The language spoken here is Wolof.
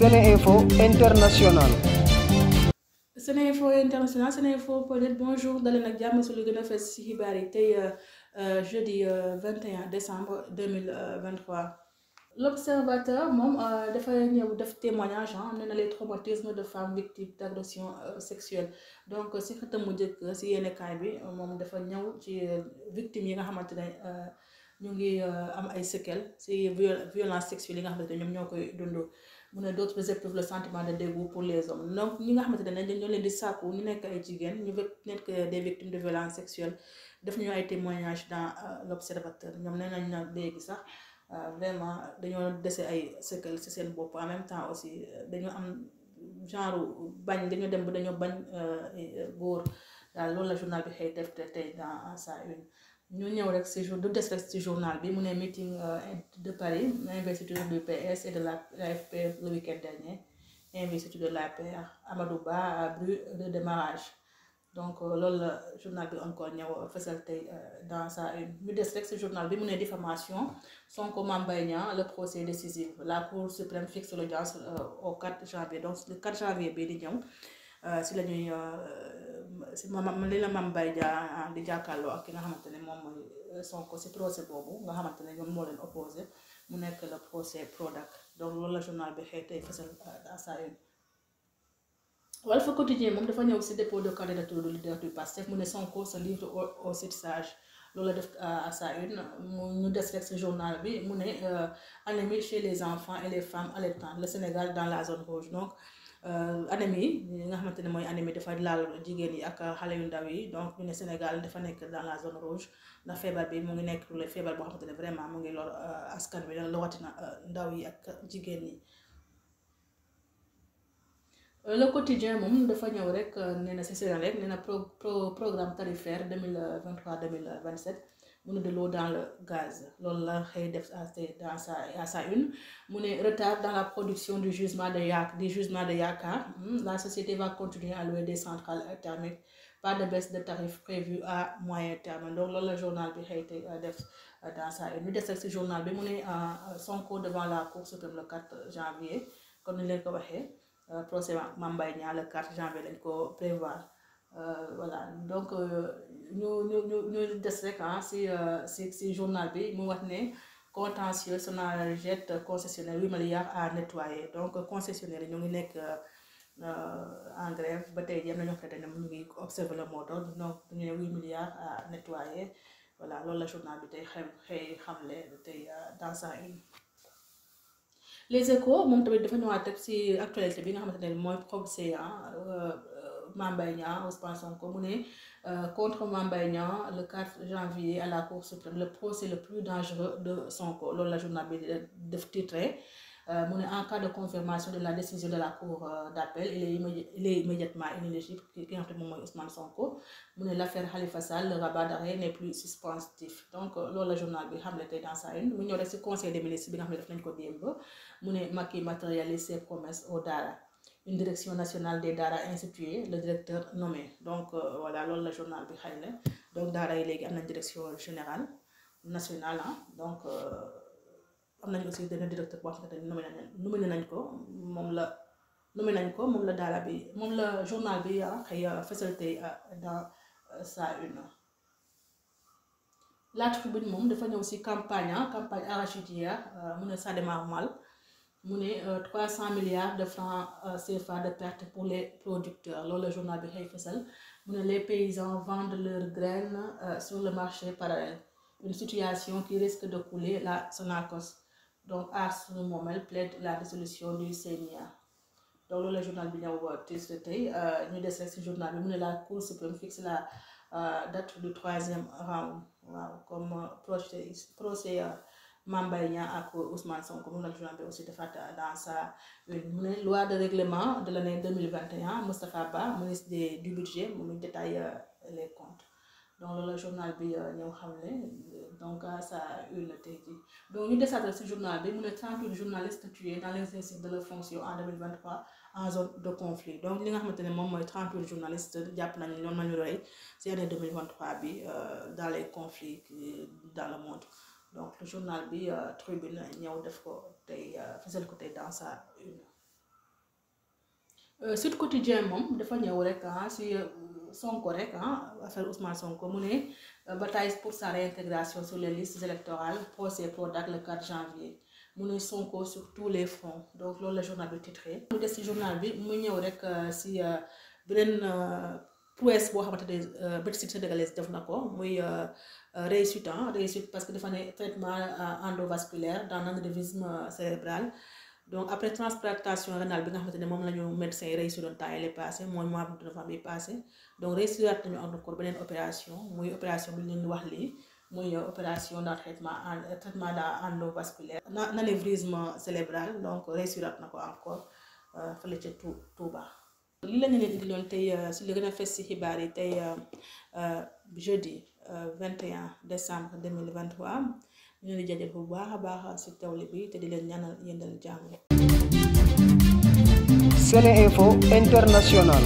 Sénéinfo International. Sénéinfo International Sénéinfo.net bonjour dalee ak jàmm su lu gën a fes ci xibaar yi tey euh, euh, jeudi 21 euh, décembre 2023. L'Observateur moom dafa ñëw def témoignage am ne na les traumatismes de femmes victimes d'agression sexuelle donc si xëtam mu njëkk si yéenekaay bi moom dafa ñëw ci victimes yi nga xamante ne ñu ngi am ay séquelles si violence sexuelle yi nga xamante ne ñoom ñoo koy dund. mu ne d'autres éprouve le sentiment de dégoût pour les hommes donc ñi nga xamante ne dañoo leen di sàkku ñu nekk ay jigéen ñu nekk des victimes de violence sexuelle def ñu ay témoignages dans euh, l'observateur ñoom nee nañ na léegi sax euh, vraiment dañoo dese ay séquelles ci seen bopp en même temps aussi euh, dañoo am genre bañ dañoo dem ba dañoo bañ góor daal loolu la journal bi xëy def tey dans sa une. ñu ñëw rek si jour du des rek journal bi mu ne meeting euh, de Paris investiture du PS et de la l'AFP le week-end dernier investiture de l'APR Amadou Ba à bruit de démarrage donc euh, loolu la journal bi encore ñëw fësal tey euh, dans sa une ñu des rek si journal bi mu ne diffamation Sonko Mame Mbaye Niang le procès décisif la Cour suprême fixe l'audience au 4 janvier donc le 4 janvier bii di ñëw. Euh, si la ñuy euh, si maam li la maam Baye Dia euh, di jàkkaarloo ak ki nga xamante ne moom mooy Sonko si procès boobu nga xamante ne ñoom moo leen opposé mu nekk le procès Prodac donc loolu la journal bi xëy tey fësal à sa une Walf Quotidien moom dafa ñëw si dépôt de candidature du leader du PASTEF mu ne Sonko se livre au suffrage loolu la def à sa une mu ñu des rek si journal bi mu ne anémie chez les enfants et les femmes allaitantes le Sénégal dans la zone rouge donc. Euh, anémie yi nga xamante ne mooy anémie dafa laal jigéen yi ak xale yu ndaw yi donc ñu ne Sénégal dafa nekk dans la zone rouge ndax feebar bi mu ngi nekk feebar boo xamante ne vraiment mu ngi lor euh, askan wi la rawatina euh, ndaw yi ak jigéen yi. le quotidien moom dafa ñëw rek nee na si Sénégal rek nee na pro programme mille vingt 2027. mu ne de l'eau dans le gaz loolu la xëy def sa à une mu ne retard dans la production du jugement de Yak du de Yaakaar hmm, la société va continuer à louer des centrales thermiques pas de baisse de tarif prévue à moyen terme donc loolu la journal bi xëy euh, def euh, dans sa une ñu des si journal bi mu ne euh, Sonko devant la cour suprême le 4 janvier comme ni leen ko waxee procès Mame Mbaye Niang le janvier lañ ko prévoir. Euh, voilà donc ñu ñu ñu ñu des rek ah si euh, si si journal bi mu wax ne contentieux Sonal jette concessionnaire huit milliards à nettoyer donc concessionnaire ñu ngi nekk euh, en ba tey jii am na ñoo xam ne ñu ngi observer le la journal bi tey xëy xëy actualité bi nga xamante ne mooy proxy Mame Mbaye Niang Ousmane Sonko mu ne euh, contre Mame Mbaye Niang le 4 janvier à la Cour suprême le procès le plus dangereux de Sonko loolu la journal bi def titré euh, mu ne en cas de confirmation de la décision de la cour euh, d'appel il est immédi il est immédiatement ki nga xam moom mooy Ousmane Sonko mu ne l'affaire Khalifa Sall le rabat d'arrêt n'est plus suspensif donc loolu la journal bi xam ne tey dans sa une mu ñëw rek conseil des ministres bi nga xam ne def nañ ko démb mu ne Macky matérialise ses promesses au une direction nationale des daara instituée le directeur nommé donc euh, voilà loolu la journal bi xay na donc daara yi léegi am nañ direction générale nationale ah donc euh, am nañ aussi benn directeur boo xamante ne nommé nañ nommé nañ ko moom la nommé nañ ko moom la daara bi moom la journal bi xëy fësal tey euh, dans sa une. la tribune moom dafa ñëw si campagne campagne arachidière mu ne ça démarre mal mu ne euh, cent milliards de francs euh, CFA de perte pour les producteurs loolu la journal bi xëy fësal mu ne les paysans vendent leurs graines euh, sur le marché parallèle une situation qui risque de couler la Sonacos donc Aar Sunu Moomel plaide la dissolution du CNIA donc loolu la journal bi ñëw tiis tey ñu des rek ci journal bi mu ne la Cour suprême fixe la date du troisième round waaw comme procès procès Mame Mbaye Niang ak Ousmane Sonko moom aussi dafa dans sa mu ne loi de règlement de l'année 2021 Moustapha Ba ministre du budget moom ñu détaille euh, les comptes donc loolu journal bi euh, ñëw xam ne donc euh, ça une tey jii donc ñu desaatal ci journal bi mu ne 38 journalistes tués dans l'exercice de leur fonction en 2023 en zone de conflit donc li nga xamante ne moom mooy 38 journalistes jàpp nañu ñoom nañu roy ci année 2023 bi dans les conflits dans le monde donc le journal bi euh, tribune ñëw def ko tey euh, fësal ko tey dans sa une euh, Sud moom dafa ñëw rek ah si Sonko rek ah affaire Ousmane Sonko mu ne bataille pour sa réintégration sur les listes électorales procès Prodac le 4 janvier mu ne Sonko sur tous les fronts donc loolu la journal bi titré mu des si journal bi mu ñëw rek si beneen prouesse boo xamante ne médecine euh, sénégalaise def na ko muy euh, euh, réussite ah réussite parce que dafa ne traitement endovasculaire dans l'anévrisme cérébral donc après transplantation rénale bi nga xamante ne moom la ñu médecin yi réussir doon temps yële passé mooy mois de novembre yi passé donc réussir waat opération muy opération bi ñu leen wax lii muy opération dans traitement en traitement dans endovasculaire l'anévrisme cérébral donc réussir na ko encore fële ca Touba. li la ñu leen di loon tey euh, li gën a fes si xibaar yi tey euh, euh, jeudi 21 décembre 2023 ñu leen di jaajëf bu baax a baax si tawli bi te di leen ñaanal yendal jàmm. Sene Info International.